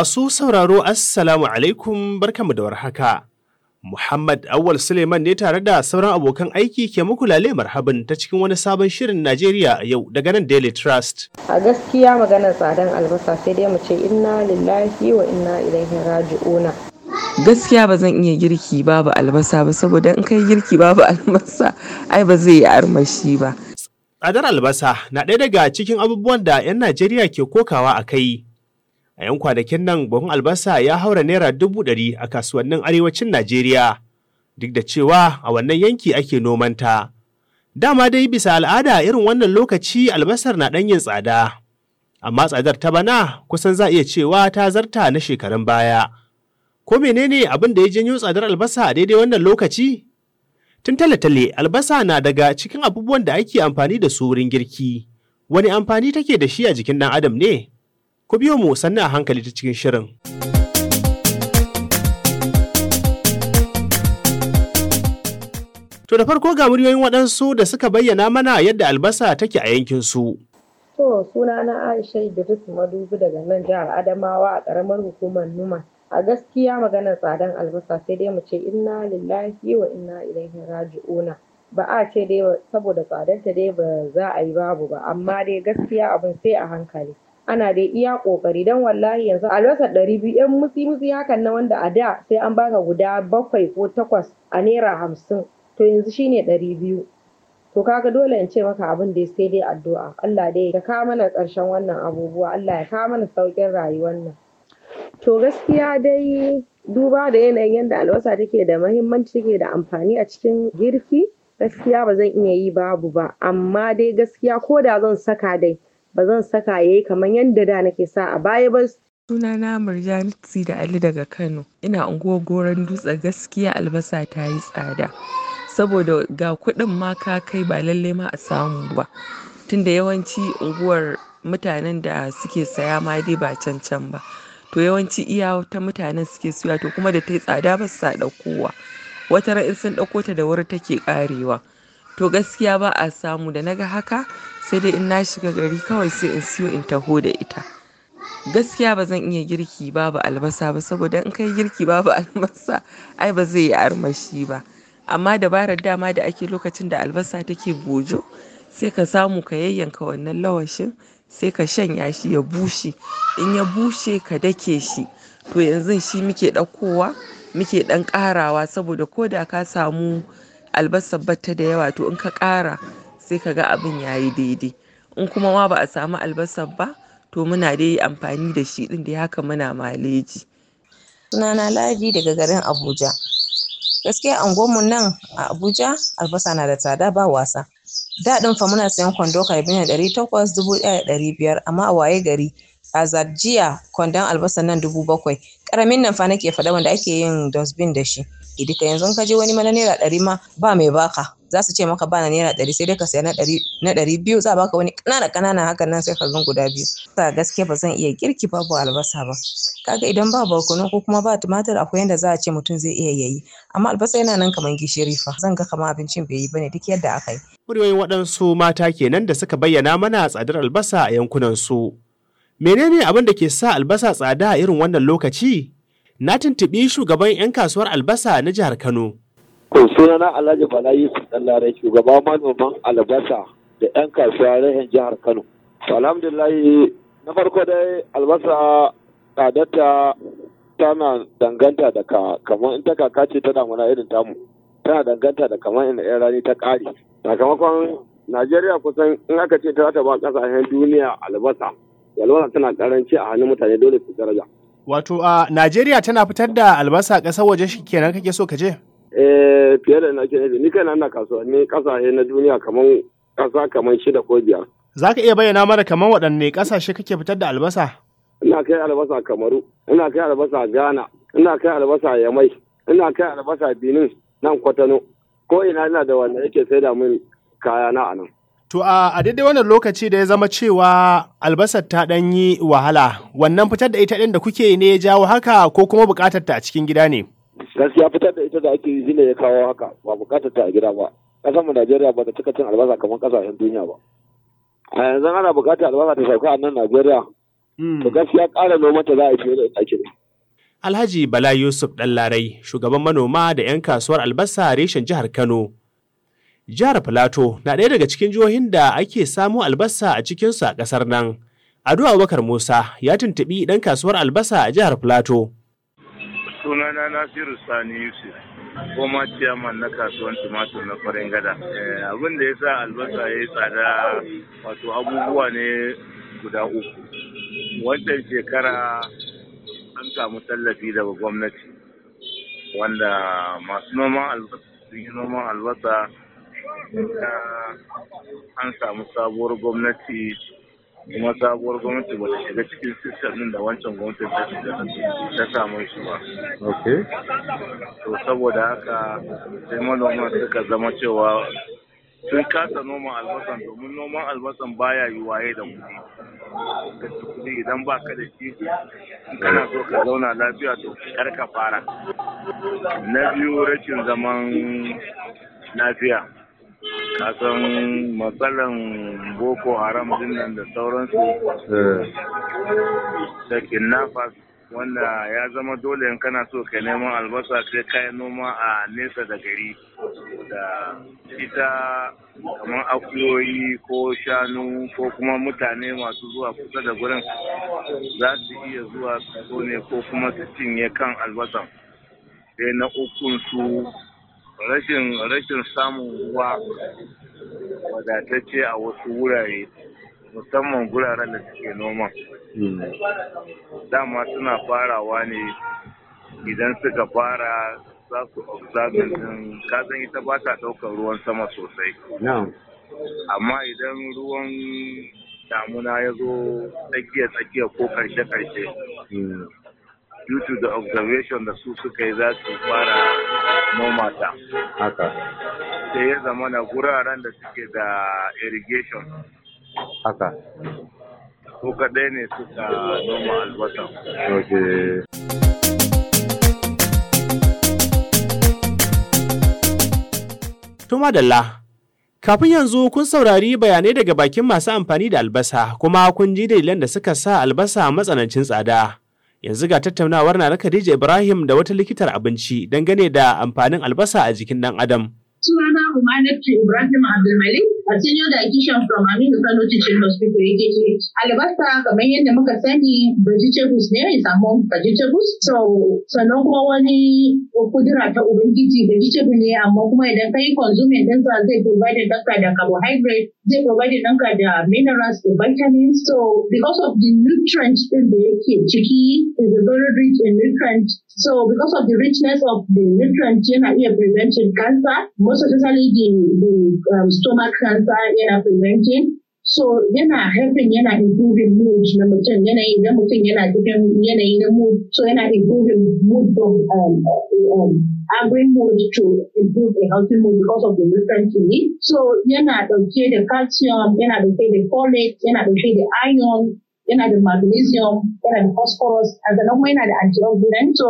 Masu sauraro Assalamu alaikum barkamu da warhaka. Muhammad Awal Suleiman ne tare da sauran abokan aiki ke muku lale marhaban ta cikin wani sabon shirin Najeriya yau daga nan Daily Trust. A gaskiya maganar tsadan albasa sai dai mu inna lillahi wa inna ilaihi raji'una. Gaskiya ba zan iya girki babu albasa ba saboda in kai girki babu albasa ai ba zai yi armashi ba. Tsadar albasa na ɗaya daga cikin abubuwan da 'yan Najeriya ke kokawa a kai. A 'yan kwanakin nan buhun albasa ya haura naira dubu ɗari a kasuwannin arewacin Najeriya, duk da cewa a wannan yanki ake noman ta Dama dai bisa al'ada irin wannan lokaci albasar na ɗan yin tsada, amma tsadar ta bana kusan za iya cewa ta zarta na shekarun baya. Ko menene abin da ya janyo tsadar albasa a daidai wannan lokaci? Tun tale-tale albasa na daga cikin abubuwan da ake amfani da su wurin girki. Wani amfani take da shi a jikin ɗan adam ne? Ku biyo mu sannu a hankali ta cikin shirin. To da farko ga muryoyin waɗansu da suka bayyana mana yadda albasa take a yankin su. To suna na Aisha Idris madubi daga nan jihar Adamawa a ƙaramar hukumar Numa. A gaskiya maganar tsadan albasa sai dai mu ce inna lillahi wa inna ilaihi raji'una. ba a ce dai saboda tsadarta dai ba za a yi babu ba amma dai gaskiya abin sai a hankali ana da iya kokari dan wallahi yanzu a ɗari biyu yan musi musi hakan na wanda a da sai an baka guda bakwai ko takwas a naira hamsin to yanzu shine ɗari biyu to kaga dole in ce maka abin da sai dai addu'a Allah dai ya kawo mana ƙarshen wannan abubuwa Allah ya kawo mana sauƙin rayuwar nan to gaskiya dai duba da yanayin yadda albasa take da mahimmanci take da amfani a cikin girki gaskiya ba zan iya yi babu ba amma dai gaskiya ko da zan saka dai ba zan saka yayi kamar yadda da nake sa a baya ba sunana murjansi da ali daga kano ina unguwar goron dutse gaskiya albasa ta yi tsada saboda ga kuɗin ma ka kai ba lallai ma a samu ba tunda yawanci unguwar mutanen da suke saya ma dai ba cancan ba to yawanci iya ta mutanen suke suya to kuma da ta yi tsada ba sa ɗaukowa wata in sun ɗauko ta da wuri take ƙarewa to gaskiya ba a samu da naga haka sai dai in na shiga gari kawai sai in siyo in taho da ita gaskiya ba zan iya girki babu albasa ba saboda in kai girki babu albasa ai ba zai yi armashi ba amma dabarar dama da ake lokacin da albasa take bojo sai ka samu ka yayyanka wannan lawashin sai ka shanya shi ya bushe in ya bushe ka dake shi to yanzu shi muke ɗaukowa muke ɗan ƙarawa saboda ko da ka samu albasar batta da yawa to in ka ƙara sai ka ga abin ya yi daidai in kuma ma ba a samu albasar ba to muna dai amfani da shi ɗin da haka muna maleji sunana ladi daga garin abuja gaskiya mu nan a abuja albasa na da tsada ba wasa daɗin fa muna sayan kwando karbina ɗari takwas dubu ɗaya ɗari biyar amma a waye gari a zajiya kwandon albasa nan dubu bakwai ƙaramin nan fa nake faɗa wanda ake yin dosbin da shi haƙƙi duka yanzu ka je wani ma naira ɗari ma ba mai baka za su ce maka ba na naira ɗari sai dai ka saya na ɗari biyu za baka wani ƙanana ƙanana hakan nan sai ka zan guda biyu ta gaske ba zan iya girki babu albasa ba kaga idan ba barkono ko kuma ba tumatir akwai yanda za a ce mutum zai iya yi. amma albasa yana nan kamar gishiri fa zan ga kamar abincin bai yi ne duk yadda aka yi. muryoyin waɗansu mata kenan da suka bayyana mana tsadar albasa a yankunan su menene abin da ke sa albasa tsada a irin wannan lokaci na tuntuɓi shugaban 'yan kasuwar albasa na jihar Kano. To sunana Alhaji Bala Yusuf Ɗanlare shugaban manoman albasa da 'yan kasuwa rahin jihar Kano. Alhamdulillahi na farko dai albasa tsadarta tana danganta da ka kamar in ta kaka ce tana mana irin tamu tana danganta da kamar in yan rani ta ƙare. Sakamakon Najeriya kusan in aka ce ta ta ba ƙasashen duniya albasa. Albasa tana ƙaranci a hannun mutane dole su daraja. Wato a Najeriya tana fitar da albasa ƙasar waje shi kenan kake so ka je? Eh fiye da na kenan ni kana na kasuwanni ƙasashe na duniya kamar ƙasa kamar shida ko biyar. Za ka iya bayyana mana kamar waɗanne ƙasashe kake fitar da albasa? Ina kai albasa Kamaru, ina kai albasa Ghana, ina kai albasa Yamai, ina kai albasa Benin nan Kwatano. Ko ina ina da wanda yake sai da min kaya na anan. To a daidai wannan lokaci da ya zama cewa albasar ta ɗan yi wahala, wannan fitar da ita ɗin da kuke ne ya jawo haka ko kuma buƙatar ta a cikin gida ne? Gaskiya fitar da ita da ake yi ne ya kawo haka ba buƙatar ta a gida ba. Ƙasar mu Najeriya ba ta cika cin albasa kamar ƙasashen duniya ba. A yanzu ana buƙatar albasa ta sauka a nan Najeriya. Hmm. To gaskiya ƙara noma ta za a yi fiye da ita ake. Alhaji Bala Yusuf Ɗanlarai, shugaban manoma da 'yan kasuwar albasa reshen jihar Kano. Jihar Filato na ɗaya daga cikin jihohin da ake samo albasa a cikinsu a ƙasar nan. Ado Abubakar Musa ya tuntuɓi ɗan kasuwar albasa a jihar Filato. Sunana Nasiru Sani Yusuf, goma ciyaman na kasuwar tumatur na farin gada. Eh, abin da ya sa albasa ya yi tsada wato abubuwa ne guda uku. Wannan shekara an samu tallafi daga gwamnati wanda masu noman albasa noman albasa na an samu sabuwar gwamnati kuma sabuwar gwamnati ba ta shiga cikin sistem din da wancan gwamnati ta samu shi ba. Ok. To saboda haka sai manoma suka zama cewa sun kasa noman albasan domin noman albasan baya yi waye da kuɗi kuɗi idan ba ka da shi in kana so ka zauna lafiya to kar ka fara na biyu rashin zaman lafiya kasan matsalan boko haram din da sauransu eh. da wanda ya zama dole in kana so ka neman albasa sai kayan noma a nesa da gari da ita kamar akuyoyi ko shanu ko kuma mutane masu zuwa kusa da gurin za su iya zuwa su ne ko kuma su cinye kan albasan sai na ukun rashin rashin samun ruwa wadatacce a wasu wurare musamman guraren da suke noma dama suna farawa ne idan suka fara za su observing din kasan ita ba ta ɗaukar ruwan sama sosai amma idan ruwan damuna ya zo tsakiya-tsakiya ko karshe-karshe hmm. due to the observation da su suka yi za su fara noma ta haka sai ya zama na guraren da suke da irrigation haka su kaɗai ne suka noma albasa okay. Tuma Dalla, kafin yanzu kun saurari bayanai daga bakin masu amfani da albasa kuma kun ji dalilan da suka sa albasa matsanancin tsada. Yanzu ga tattaunawar na Khadija Ibrahim da wata likitar abinci dangane da amfanin albasa a jikin ɗan Adam. Sunana Umaru Ibrahim Abdulmalik a senior dietitian from Aminu Kano Teaching Hospital yake ce albasa kamar yadda muka sani vegetables ne ya samu vegetables so sannan kuma wani kudura ta ubangiji vegetable ne amma kuma idan ka yi consuming ɗinsa zai provide ɗanka da carbohydrate zai provide ɗanka da minerals da vitamins so because of the nutrients ɗin da yake ciki is very rich in nutrients so because of the richness of the nutrients yana iya preventing cancer most especially the, the um, stomach cancer kenan yana preventing so yana helping yana improving mood na mutum yanayi na mutum yana cikin yanayi na mood so yana improving mood from um, um, angry mood to improve a healthy mood because of the nutrients to need so yana dauke da calcium yana dauke da folate yana dauke da iron yana da magnesium yana da phosphorus a zanen kuma yana da antioxidant so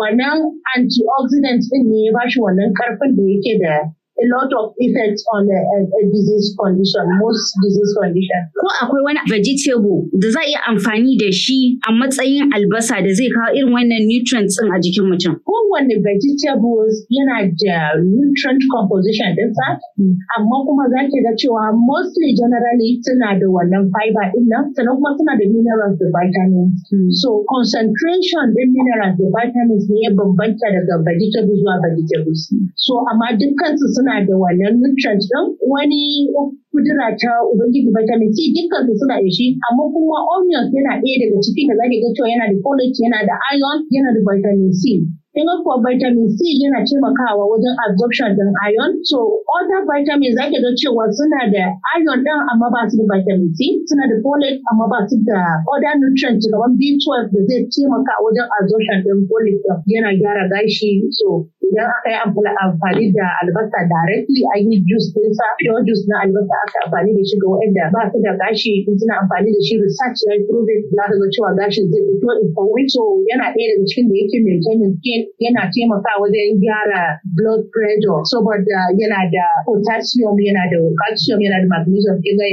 wannan antioxidant din ne ya bashi wannan karfin da yake da a lot of effects on a, a, a disease condition, most disease condition. Ko akwai wani vegetable da za a iya amfani da shi a matsayin albasa da zai kawo irin wannan nutrients din a jikin mutum? Kowane vegetables yana da nutrient composition ɗinsa, amma kuma za ki ga cewa mostly generally suna da wannan fiber ɗin nan, sannan kuma suna da minerals da vitamins. Hmm. So concentration ɗin minerals da vitamins ne ya bambanta daga vegetables zuwa vegetables. So amma dukkan su suna da wannan nutrients ɗin wani kudura ta ubangiji vitamin C dukkan su suna da shi amma kuma onions yana ɗaya daga ciki da zaki ga cewa yana da folate yana da iron yana da vitamin C Kin kuwa vitamin C yana taimakawa wajen absorption din iron. So, other za zaki ga cewa suna da iron ɗin, amma ba su da vitamin C, suna da folate amma ba su da other nutrients kamar B12 da zai taimaka wajen absorption ɗin folate Yana gyara gashi. So, idan aka yi amfani da albasa directly ayi yi juice din sa pure juice na albasa aka amfani da shi ga waɗanda ba su da gashi in suna amfani da shi research ya prove za ka ga cewa gashin zai fito in yana ɗaya daga cikin da yake maintaining skin yana taimaka wajen gyara blood pressure saboda yana da potassium yana da calcium yana da magnesium ga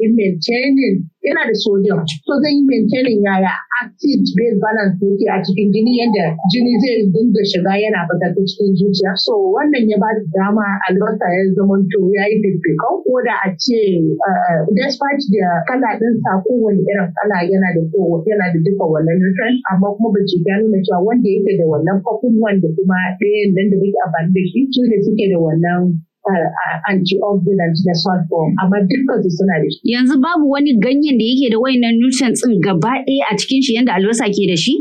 yi maintaining yana da sodium so zai yi maintaining yaya acid base balance yake a cikin jini yadda jini zai dinga shiga yana fita ta cikin zuciya so wannan ya ba da dama albasa ya zama to ya yi fiffikau ko da a ce eh, eh, despite da kala din sa kowane irin kala yana da yana da duka wannan nutrient amma kuma ba ce gano na cewa wanda yake da wannan kwakwalwan da kuma ɗayan nan da muke amfani da shi su ne suke da wannan Eh, antioxidant da form amma dukkan su suna da shi. Yanzu babu wani ganyen da yake da wayannan nutrients din gaba ɗaya a cikin shi yanda albasa ke da shi?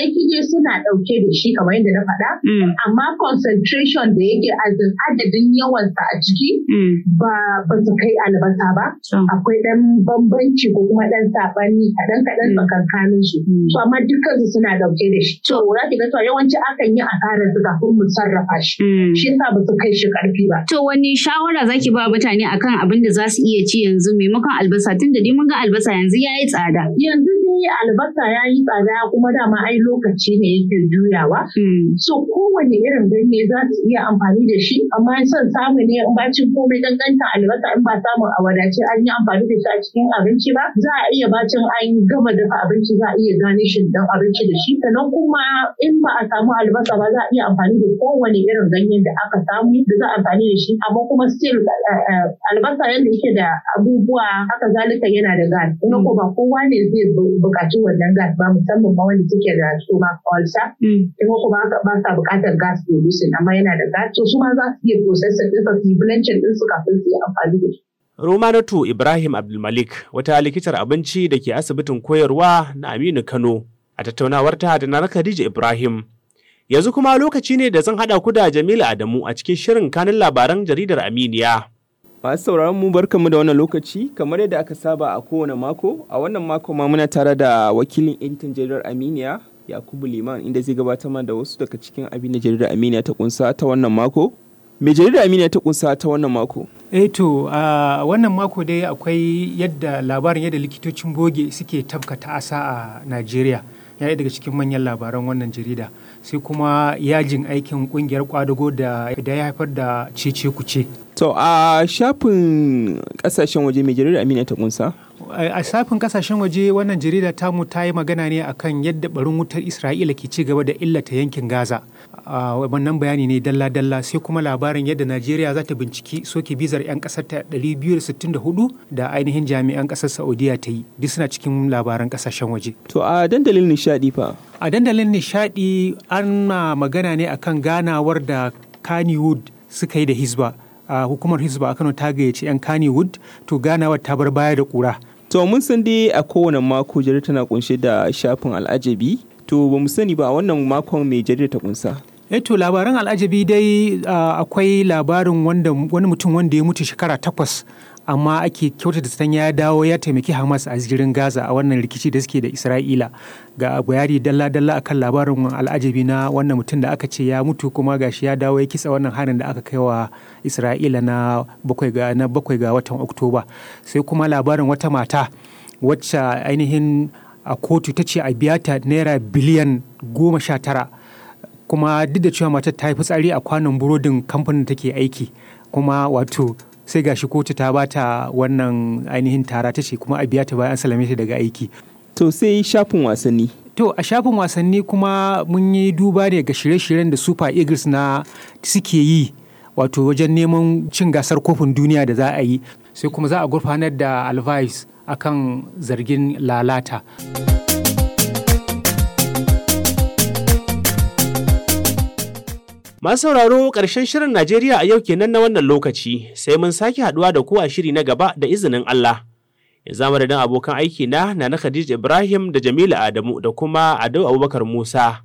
yake dai suna ɗauke da shi kamar yadda na faɗa. Mm. Amma concentration da yake adadin yawansa a ciki mm. ba ba su kai albasa ba. Akwai ɗan bambanci ko kuma ɗan saɓani kaɗan kaɗan mm. tsakankanin su. So amma dukkan su suna ɗauke da shi. So za ki ga yawanci akan yi a asarar su kafin mu sarrafa shi. Shi yasa ba su kai shi ƙarfi ba. to wani shawara zaki ba mutane akan abin da za su iya ci yanzu maimakon albasa tunda dai mun ga albasa yanzu yayi tsada. Yanzu ainihi albasa ya yi tsada kuma dama ai lokaci ne yake juyawa. Hmm. So kowane irin ganye za su iya amfani da shi amma son samu ne in bacin komai danganta albasa in ba samun a wadace an yi amfani da shi a cikin abinci ba za a iya bacin an gama dafa abinci za a iya ganishin dan abinci da shi sannan kuma in ba a samu albasa ba za a iya amfani da kowane irin ganye da aka samu da za a amfani da shi amma kuma still eh, eh, albasa yadda yake da abubuwa haka zalika yana da gas. Ina ko ba kowa ne zai bukaci wannan gas ba musamman ma wanda suke da ma ulcer mm. kuma kuma ba sa bukatar gas solution amma yana da gas to su ma za su iya processor sa su yi din su kafin su yi amfani da shi. Romanatu Ibrahim Abdulmalik wata likitar abinci da ke asibitin koyarwa na Aminu Kano a tattaunawar ta da na Khadija Ibrahim. Yanzu kuma lokaci ne da zan haɗa ku da Jamilu Adamu a cikin shirin kanin labaran jaridar Aminiya. Masu sauraron mu barkanmu da wannan lokaci kamar yadda aka saba a kowane mako a wannan mako ma muna tare da wakilin editan jaridar Aminiya Yakubu Liman inda zai gabatar mana da wasu daga cikin abin da jaridar Aminiya ta kunsa ta wannan mako. Me jaridar Aminiya ta kunsa ta wannan mako? Eh to a wannan mako dai akwai yadda labarin yadda likitocin boge suke tabkata asa a Najeriya. ya yi daga cikin manyan labaran wannan jarida sai kuma yajin aikin kungiyar kwadago da ya haifar da cece kuce to a shafin kasashen waje mai jarida amina ta kunsa a safin kasashen waje wannan jarida tamu ta yi magana ne akan yadda barin wutar isra'ila ke ci gaba da illata yankin gaza wannan bayani ne dalla-dalla sai kuma labarin yadda najeriya za ta binciki soke bizar 'yan kasar ta 264 da ainihin jami'an kasar saudiya ta yi duk suna cikin labaran kasashen waje to a dandalin nishadi fa a dandalin nishadi ana magana ne akan ganawar da kannywood suka yi da hizba a hukumar hizba a kano ta gayyaci 'yan kannywood to ganawar ta bar baya da kura to mun san dai a kowane mako jari tana kunshe da shafin al'ajabi to ba mu sani ba a wannan makon mai jarida ta kunsa eto eh labaran al'ajabi dai akwai labarin wani mutum wanda ya mutu shekara takwas amma ake kyautata sanya ya dawo ya taimaki hamas a zirin gaza a wannan rikici da suke da isra'ila ga bayani dalla-dalla akan labarin al'ajabi na wannan mutum da aka ce ya mutu kuma gashi ya dawo ya kitsa wannan harin da aka kai wa isra'ila na bakwai ga na bakwai ga watan oktoba sai kuma labarin wata mata wacce ainihin a kotu ta ce a biya ta naira biliyan goma sha tara kuma duk da cewa matar ta yi fitsari a kwanan burodin kamfanin take aiki kuma wato sai gashi kotu ta bata wannan ainihin tara ta ce kuma a biya ta bayan salame ta daga aiki to sai shafin wasanni to a shafin wasanni kuma mun yi duba ne ga shirye-shiryen da super eagles na suke yi wato wajen neman cin gasar kofin duniya da za a yi sai kuma za a gurfanar da alvice akan zargin lalata. Masu sauraro ƙarshen shirin Najeriya a yau kenan na wannan lokaci sai mun sake haɗuwa da ku a shiri na gaba da izinin Allah. Yanzu da abokan aiki na na Khadija Ibrahim da Jamilu Adamu da kuma Ado Abubakar Musa.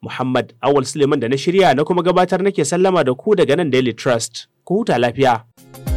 Muhammad Awal Suleiman da na shirya na kuma gabatar nake sallama da ku daga nan Daily Trust. Ku huta lafiya.